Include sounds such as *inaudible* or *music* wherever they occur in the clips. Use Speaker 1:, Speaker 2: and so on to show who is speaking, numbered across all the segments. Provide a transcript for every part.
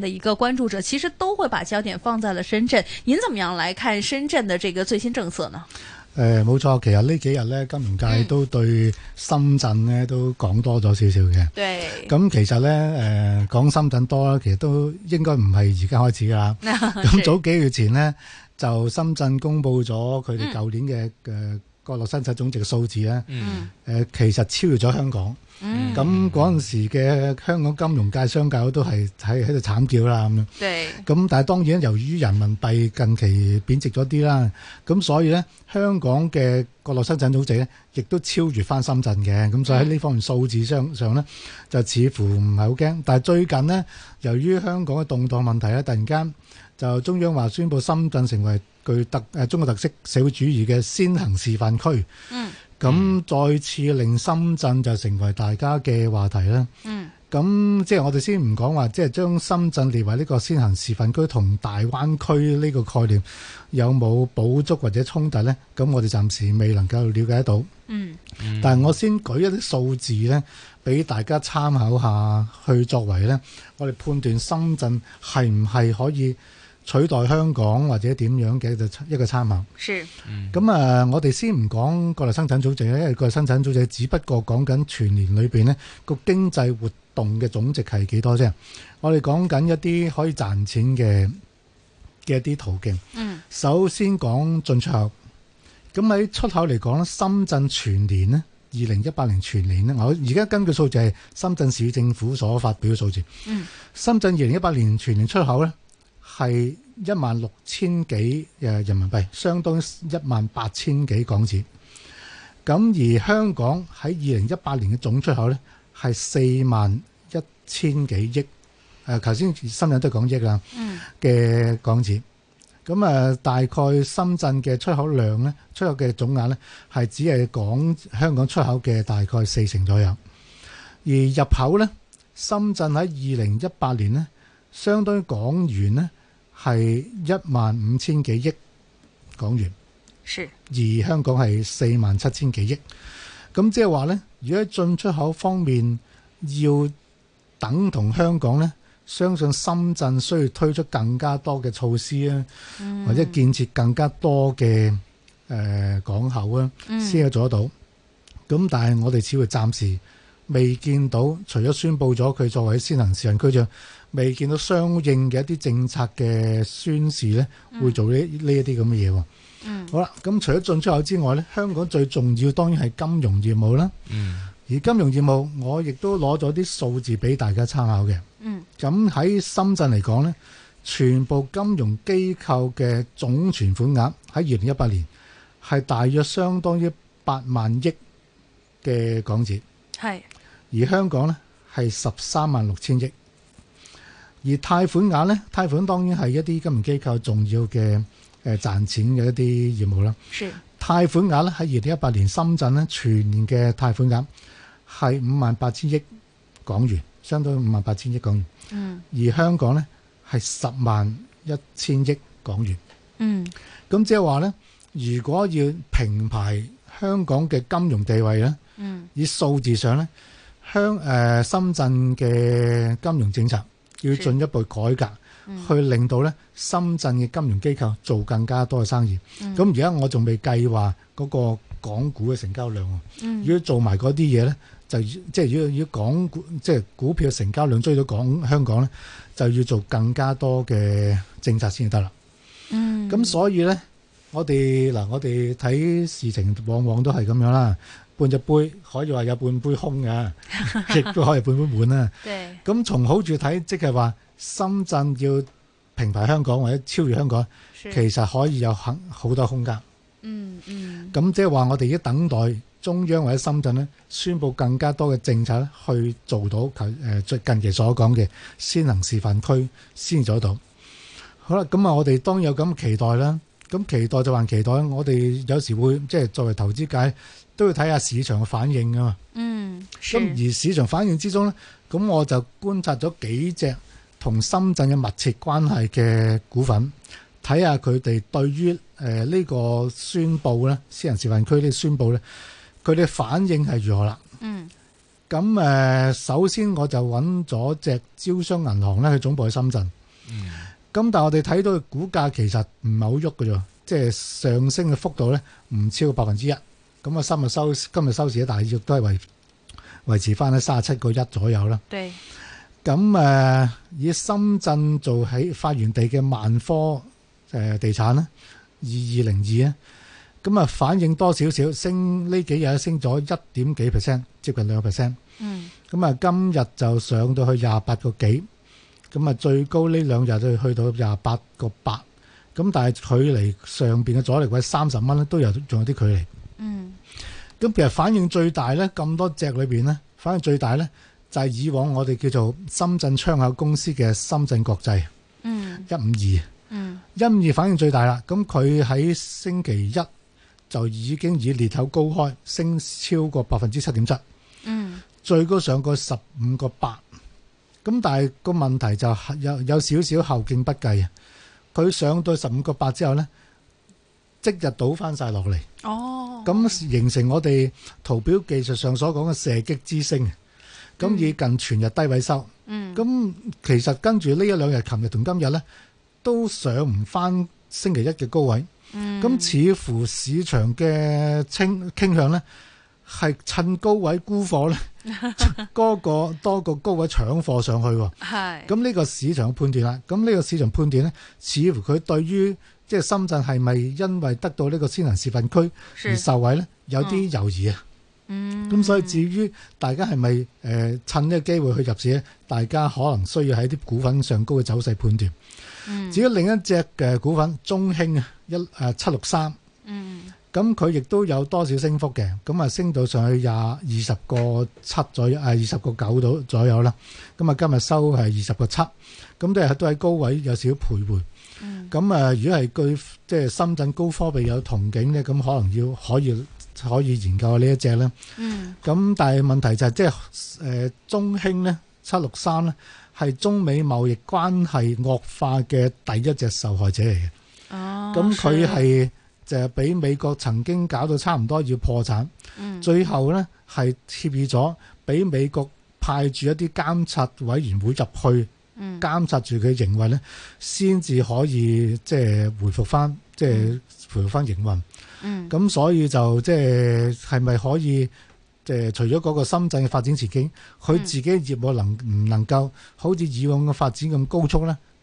Speaker 1: 的一個關注者，其實都會把焦點放在了深圳。您怎麼樣來看深圳的這個最新政策呢？誒、
Speaker 2: 呃，冇錯，其實幾呢幾日咧，金融界都對深圳咧、嗯、都講多咗少少嘅。對，咁其實咧，誒、呃、講深圳多啦，其實都應該唔係而家開始噶。咁、啊、早幾個月前咧，就深圳公布咗佢哋舊年嘅誒。嗯國內生產總值嘅數字咧，誒其實超越咗香港，咁嗰陣時嘅香港金融界、商界都係喺喺度慘叫啦咁樣。對。咁但係當然，由於人民幣近期貶值咗啲啦，咁所以咧香港嘅國內生產總值咧，亦都超越翻深圳嘅。咁所以喺呢方面數字上上咧，就似乎唔係好驚。但係最近咧，由於香港嘅動盪問題咧，突然間就中央話宣布深圳成為。具特中國特色社會主義嘅先行示範區，
Speaker 3: 嗯，
Speaker 2: 咁再次令深圳就成為大家嘅話題啦。嗯，咁即係我哋先唔講話，即係將深圳列為呢個先行示範區同大灣區呢個概念有冇補足或者衝突呢？咁我哋暫時未能夠了解得到，嗯，
Speaker 3: 但
Speaker 2: 係我先舉一啲數字呢，俾大家參考下去作為呢，我哋判斷深圳係唔係可以。取代香港或者點樣嘅一個參考。是。咁啊，我哋先唔講國內生產總值咧，因為國內生產總值只不過講緊全年裏邊呢個經濟活動嘅總值係幾多啫。我哋講緊一啲可以賺錢嘅嘅一啲途徑。嗯。首先講進出口。咁喺出口嚟講咧，深圳全年呢，二零一八年全年呢，我而家根據數字係深圳市政府所發表嘅數字。嗯。深圳二零一八年全年出口咧。係一萬六千幾誒人民幣，相當於一萬八千幾港紙。咁而香港喺二零一八年嘅總出口咧，係四萬一千幾億誒，頭、呃、先深圳都講億啦，嘅、嗯、港紙。咁、呃、大概深圳嘅出口量咧，出口嘅總額咧，係只係講香港出口嘅大概四成左右。而入口咧，深圳喺二零一八年咧，相當於港元咧，係一萬五千幾億港元，是而香港係四萬七千幾億，咁即係話咧，如果喺進出口方面要等同香港咧，嗯、相信深圳需要推出更加多嘅措施啊，嗯、或者建設更加多嘅、呃、港口啊，先可以做得到。咁、嗯、但係我哋似乎暫時未見到，除咗宣布咗佢作為先行試驗區啫，未見到相應嘅一啲政策嘅宣示咧，會做呢呢一啲咁嘅嘢。嗯，好啦，咁除咗進出口之外咧，香港最重要當然係金融業務啦。嗯，而金融業務我亦都攞咗啲數字俾大家參考嘅。嗯，咁喺深圳嚟講咧，全部金融機構嘅總存款額喺二零一八年係大約相當於八萬億嘅港紙。係是，而香港咧係十三萬六千億。而貸款額咧，貸款當然係一啲金融機構重要嘅誒、呃、賺錢嘅一啲業務啦。
Speaker 3: 是
Speaker 2: 貸款額咧，喺二零一八年深圳咧，全年嘅貸款額係五萬八千億港元，相當於五萬八千億港元。嗯。而香港咧係十萬一千億港元。嗯。咁即係話咧，如果要平排香港嘅金融地位咧，嗯，以數字上咧，香誒、呃、深圳嘅金融政策。要進一步改革，去令到咧深圳嘅金融機構做更加多嘅生意。咁而家我仲未計劃嗰個港股嘅成交量。如果、嗯、做埋嗰啲嘢咧，就即係要要港股即係股票嘅成交量追到港香港咧，就要做更加多嘅政策先得啦。咁、嗯、所以咧，我哋嗱，我哋睇事情往往都係咁樣啦。半隻杯可以話有半杯空嘅，亦都 *laughs* 可以半杯滿啦。咁從 *laughs* 對好處睇，即係話深圳要平排香港或者超越香港，是其實可以有很好多空間，嗯。嗯
Speaker 3: 嗯。咁
Speaker 2: 即係話我哋要等待中央或者深圳咧，宣布更加多嘅政策去做到頭誒最近期所講嘅先行示範區先做到。 *laughs* 好啦，咁啊，我哋當有咁期待啦。咁期待就還期待。我哋有時會即係作為投資界，都要睇下市場嘅反應啊嘛。嗯，咁而市場反應之中咧，咁我就觀察咗幾隻同深圳嘅密切關係嘅股份，睇下佢哋對於誒呢個宣佈咧，私人示範區呢宣佈咧，佢哋反應係如何啦。嗯，咁誒，首先我就揾咗隻招商銀行咧，去總部喺深圳。嗯。咁，但係我哋睇到嘅股價其實唔係好喐嘅啫，即係上升嘅幅度咧唔超過百分之一。咁啊，今日收今日收市咧，但係亦都係維維持翻喺三十七個一左右啦。對，咁誒、嗯、以深圳做喺發源地嘅萬科誒地產咧，二二零二咧，咁啊反應多少少升呢幾日升咗一點幾 percent，接近兩個 percent。嗯，咁啊，今日就上到去廿八個幾，咁啊最高呢兩日就去到廿八個八，咁但係距離上邊嘅阻力位三十蚊咧，都有仲有啲距離。嗯，咁其實反應最大咧，咁多隻裏面咧，反應最大咧就係以往我哋叫做深圳窗口公司嘅深圳國際，嗯，一五二，嗯，一五二反應最大啦。咁佢喺星期一就已經以裂口高開，升超過百分之七點七，嗯，最高上過十五個八。咁但係個問題就係有有少少後勁不繼啊！佢上到十五個八之後咧。即日倒翻晒落嚟，哦，咁形成我哋圖表技術上所講嘅射擊之星，
Speaker 1: 咁、嗯、以
Speaker 2: 近全日低位收，嗯，咁其實跟住呢一兩日，琴日同今日咧，都上唔翻星期一嘅高位，咁、嗯、似乎市場嘅傾傾向咧，係趁高位沽貨咧，多 *laughs* 個多個高位搶貨上去，係是，咁呢個市場嘅判斷啦，咁呢個市場判斷咧，似乎佢對於。即係深圳係咪因為得到呢個先行示範區而受惠咧？有啲猶豫。啊。
Speaker 3: 嗯。咁、嗯、所
Speaker 2: 以至於大家係咪誒趁呢個機會去入市咧？大家可能需要喺啲股份上高嘅走勢判斷。嗯。至於另一隻嘅股份中興啊，一誒七六三。3，嗯。咁佢亦都有多少升幅嘅？咁啊升到上去廿二十個七左誒二十個九度左右啦。咁 *laughs* 啊左右左右今日收係二十個七。咁都係都喺高位，有少少徘徊。嗯，咁誒，如果係對即係深圳高科技有憧憬咧，咁可能要可以可以研究呢一隻啦。嗯，咁但係問題就係即係誒中興咧、七六三咧，係中美貿易關係惡化嘅第一隻受害者嚟嘅。哦，
Speaker 3: 咁佢係
Speaker 2: 就係俾美國曾經搞到差唔多要破產。嗯，最後咧係協議咗，俾美國派住一啲監察委員會入去。嗯、監察住佢營運咧，先至可以即係、就是、回復翻，即係回復翻營運。嗯，咁所以就即係係咪可以誒、就是？除咗嗰個深圳嘅發展前景，佢自己嘅業務能唔能夠好似以往嘅發展咁高速咧？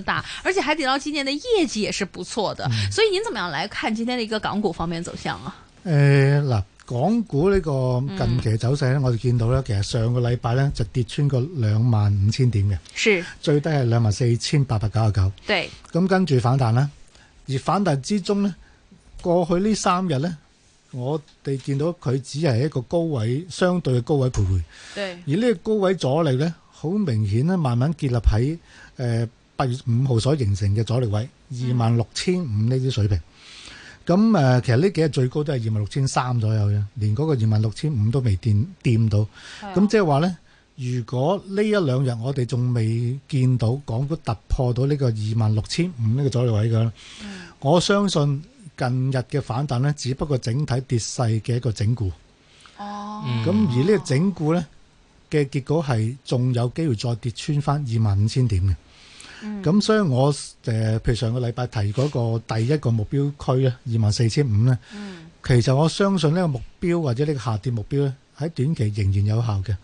Speaker 1: 大，而且海底撈今年的業績也是不錯的，嗯、所以您怎麼樣來看今天的一個港股方面走向啊？
Speaker 2: 誒，嗱，港股呢個近期走勢咧，嗯、我哋見到咧，其實上個禮拜咧就跌穿個兩萬五千點嘅，是最低係兩萬四千八百九十九，對，咁跟住反彈啦，而反彈之中呢，過去呢三日呢，我哋見到佢只係一個高位相對嘅高位徘徊，對，而呢個高位阻力呢，好明顯呢，慢慢建立喺誒，呃八月五號所形成嘅阻力位二萬六千五呢啲水平，咁誒、嗯、其實呢幾日最高都係二萬六千三左右嘅，連嗰個二萬六千五都未掂掂到。咁即係話呢，如果呢一兩日我哋仲未見到港股突破到呢個二萬六千五呢個阻力位嘅，嗯、我相信近日嘅反彈呢，只不過整體跌勢嘅一個整固。哦，咁、嗯、而呢個整固呢嘅結果係仲有機會再跌穿翻二萬五千點嘅。咁所以，我誒譬如上個禮拜提嗰個第一個目標區咧，二萬四千五咧，其實我相信呢個目標或者呢個下跌目標咧，喺短期仍然有效嘅。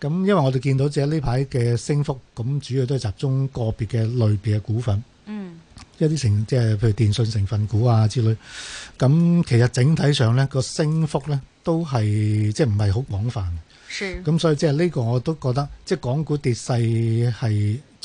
Speaker 2: 咁因為我哋見到即係呢排嘅升幅，咁主要都係集中個別嘅類別嘅股份，一啲成即係譬如電信成分股啊之類。咁其實整體上咧個升幅咧都係即係唔係好廣泛嘅。咁所以即係呢個我都覺得，即係港股跌勢係。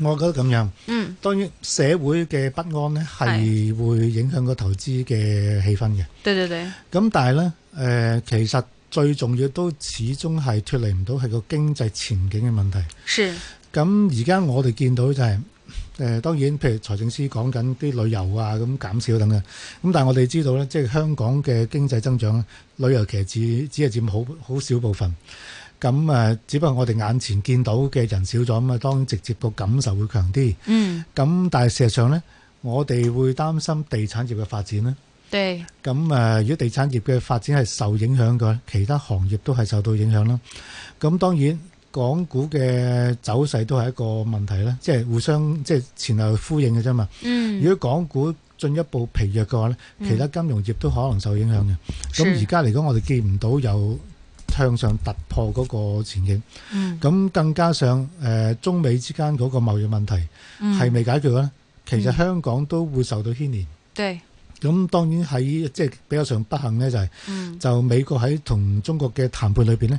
Speaker 2: 我覺得咁樣，嗯、當然社會嘅不安呢係會影響個投資嘅氣氛嘅。對對對，咁但係呢、呃，其實最重要都始終係脫離唔到係個經濟前景嘅問題。是。咁而家我哋見到就係、是，誒、呃、當然譬如財政司講緊啲旅遊啊咁減少等等，咁但係我哋知道呢，即係香港嘅經濟增長，旅遊其實只只係佔好好少部分。咁誒，只不過我哋眼前見到嘅人少咗咁啊，當然直接個感受會強啲。嗯。咁但係事實上咧，我哋會擔心地產業嘅發展咧。
Speaker 3: 對。
Speaker 2: 咁誒，如果地產業嘅發展係受影響嘅，其他行業都係受到影響啦。咁當然港股嘅走勢都係一個問題啦，即係互相即係前後呼應嘅啫嘛。嗯。如果港股進一步疲弱嘅話咧，其他金融業都可能受影響嘅。咁而家嚟講，我哋見唔到有向上突破嗰個前景，咁更加上誒、呃、中美之間嗰個貿易問題係未解決咧，嗯嗯、其實香港都會受到牽連。對，咁當然喺即係比較上不幸咧、就係，就係、嗯、就美國喺同中國嘅談判裏邊咧。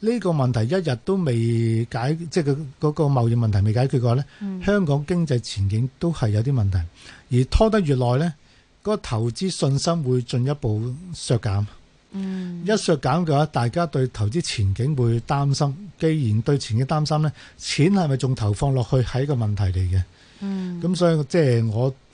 Speaker 2: 呢個問題一日都未解，即係佢嗰個貿易問題未解決過咧，嗯、香港經濟前景都係有啲問題。而拖得越耐咧，嗰、那個、投資信心會進一步削減。嗯，一削減嘅話，大家對投資前景會擔心。既然對前景擔心咧，錢係咪仲投放落去係一個問題嚟嘅？嗯，咁所以即係我。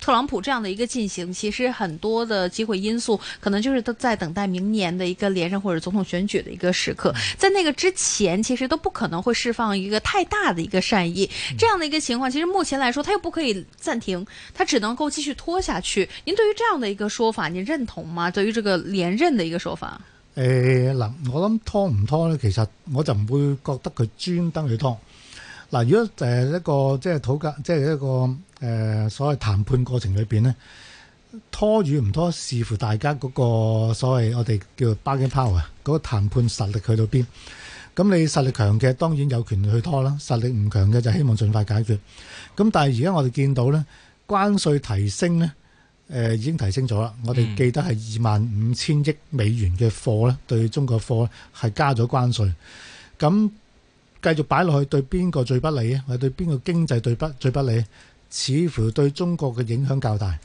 Speaker 1: 特朗普這樣的一個進行，其實很多的機會因素，可能就是都在等待明年的一個連任或者總統選舉的一個時刻。在那個之前，其實都不可能會釋放一個太大的一個善意。這樣的一個情況，其實目前來說，他又不可以暫停，他只能夠繼續拖下去。您對於這樣的一個說法，您認同嗎？對於這個連任的一個說法？
Speaker 2: 誒、呃，我諗拖唔拖呢？其實我就唔會覺得佢專登去拖。嗱、呃，如果就係一個即係土格，即係一個。就是誒，所謂談判過程裏面，咧，拖與唔拖，視乎大家嗰個所謂我哋叫做 bargaining power 啊。嗰個談判實力去到邊？咁你實力強嘅當然有權去拖啦。實力唔強嘅就希望盡快解決。咁但係而家我哋見到咧，關稅提升咧、呃，已經提升咗啦。我哋記得係二萬五千億美元嘅貨咧，對中國貨係加咗關稅。咁繼續擺落去對邊個最不利啊？或者對邊個經濟最不最不利？似乎對中國嘅影響較大，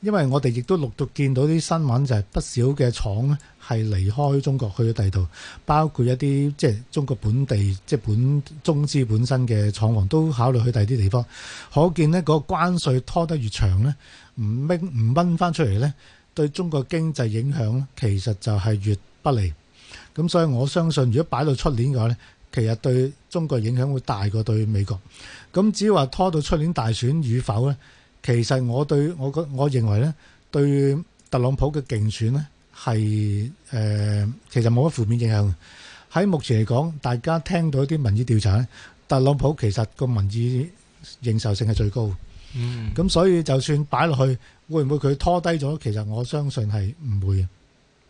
Speaker 2: 因為我哋亦都陸續見到啲新聞，就係不少嘅廠咧係離開中國去咗第二度，包括一啲即係中國本地即係本中資本身嘅廠房都考慮去第二啲地方。可見呢，嗰個關稅拖得越長咧，唔掹唔掹翻出嚟咧，對中國經濟影響其實就係越不利。咁所以我相信，如果擺到出年嘅話咧。其實對中國影響會大過對美國，咁只要話拖到出年大選與否咧，其實我對我覺，我認為咧，對特朗普嘅競選咧係誒，其實冇乜負面影響。喺目前嚟講，大家聽到一啲民意調查咧，特朗普其實個民意認受性係最高。嗯。咁所以就算擺落去，會唔會佢拖低咗？其實我相信係唔會嘅。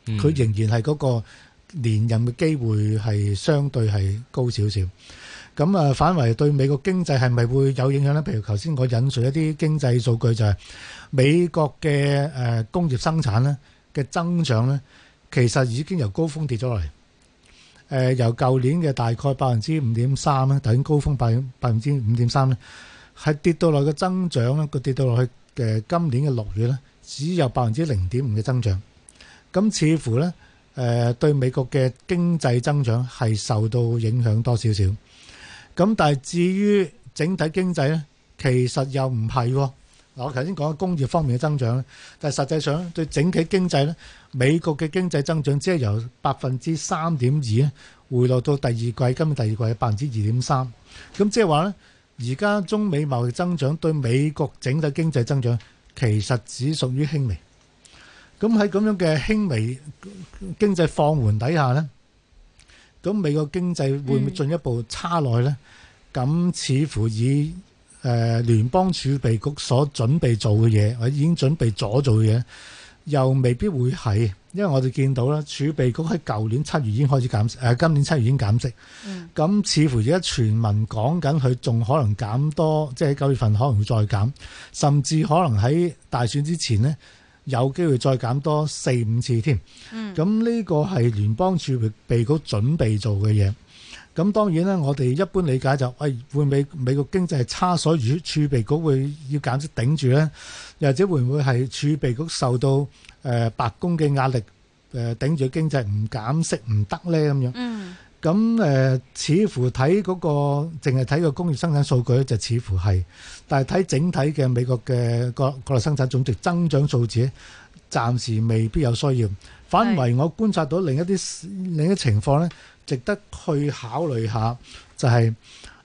Speaker 2: 嗯。佢仍然係嗰個連任嘅機會係相對係高少少，咁啊反而對美國經濟係咪會有影響咧？譬如頭先我引述一啲經濟數據就係美國嘅誒工業生產咧嘅增長咧，其實已經由高峯跌咗落嚟。誒由舊年嘅大概百分之五點三咧，等於高峯百百分之五點三咧，係跌到落去嘅增長咧，個跌到落去誒今年嘅六月咧，只有百分之零點五嘅增長，咁似乎咧。誒對美國嘅經濟增長係受到影響多少少，咁但係至於整體經濟咧，其實又唔係。嗱我頭先講工業方面嘅增長咧，但係實際上咧對整體經濟咧，美國嘅經濟增長只係由百分之三點二回落到第二季，今日第二季係百分之二點三，咁即係話咧，而家中美貿易增長對美國整體經濟增長其實只屬於輕微。咁喺咁樣嘅輕微經濟放緩底下咧，咁美國經濟會唔會進一步差落去呢？咧、嗯？咁似乎以誒、呃、聯邦儲備局所準備做嘅嘢，或者已經準備咗做嘅嘢，又未必會係，因為我哋見到啦，儲備局喺舊年七月已經開始減息，誒、呃、今年七月已經減息。咁、嗯、似乎而家全民講緊佢仲可能減多，即係喺九月份可能會再減，甚至可能喺大選之前咧。有機會再減多四五次添，咁呢個係聯邦儲備局準備做嘅嘢。咁當然咧，我哋一般理解就係，誒會唔會美國經濟係差所以儲備局會要減息頂住咧？又或者會唔會係儲備局受到白宮嘅壓力，誒頂住經濟唔減息唔得咧咁樣？嗯咁誒、呃，似乎睇嗰、嗰個淨係睇個工業生產數據咧，就似乎係，但係睇整體嘅美國嘅國國內生產總值增長數字，暫時未必有需要。反為我觀察到另一啲另一情況咧，值得去考慮下，就係、是、誒、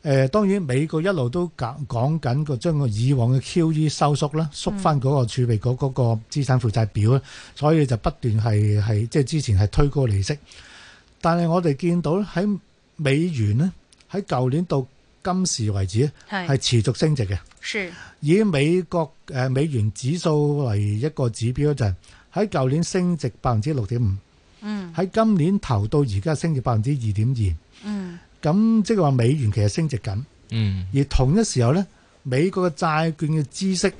Speaker 2: 呃，當然美國一路都講緊個將個以往嘅 QE 收縮啦，縮翻嗰個儲備嗰嗰個資產負債表啊，嗯、所以就不斷係即係之前係推高利息。但係我哋見到咧，喺美元咧，喺舊年到今時為止，係是持續升值嘅。
Speaker 3: 是，
Speaker 2: 以美國誒、呃、美元指數為一個指標，就係喺舊年升值百分之六點五，喺、嗯、今年頭到而家升值百分之二點二。嗯，咁即係話美元其實升值緊。嗯，而同一時候咧，美國嘅債券嘅孳息，誒、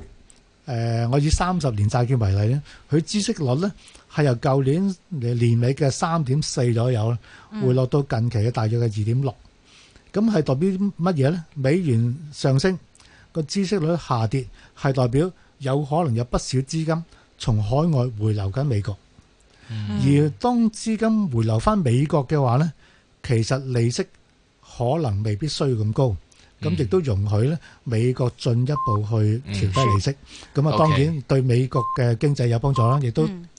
Speaker 2: 呃，我以三十年債券為例咧，佢孳息率咧。係由舊年年尾嘅三點四左右回落到近期嘅大約嘅二點六，咁係代表乜嘢呢？美元上升，個孳息率下跌，係代表有可能有不少資金從海外回流緊美國。而當資金回流返美國嘅話呢，其實利息可能未必需要咁高，咁亦都容許咧美國進一步去調低利息。咁啊，當然對美國嘅經濟有幫助啦，亦都。